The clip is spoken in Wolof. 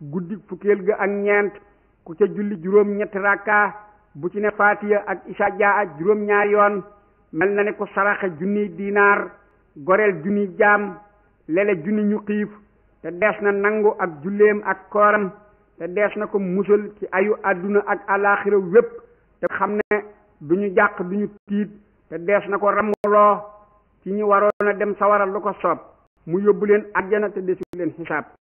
guddi fukkeel ga ak ñeent ku ca julli juróom ñetti rakka bu ci ne faatiya ak isa jaa juróom ñaar yoon mel na ne ko saraxe junni dinaar goreel junniy jaam lele junni ñu xiif te dees na nangu ak julleem ak kooram te dees na ko musal ci ayu àdduna ak alaaxira wépp te xam ne du ñu jàq du ñu tiit te dees na ko ramuloo ci ñu waroon a dem sawara lu ko soob mu yóbbu leen àjjana te desu leen xisaab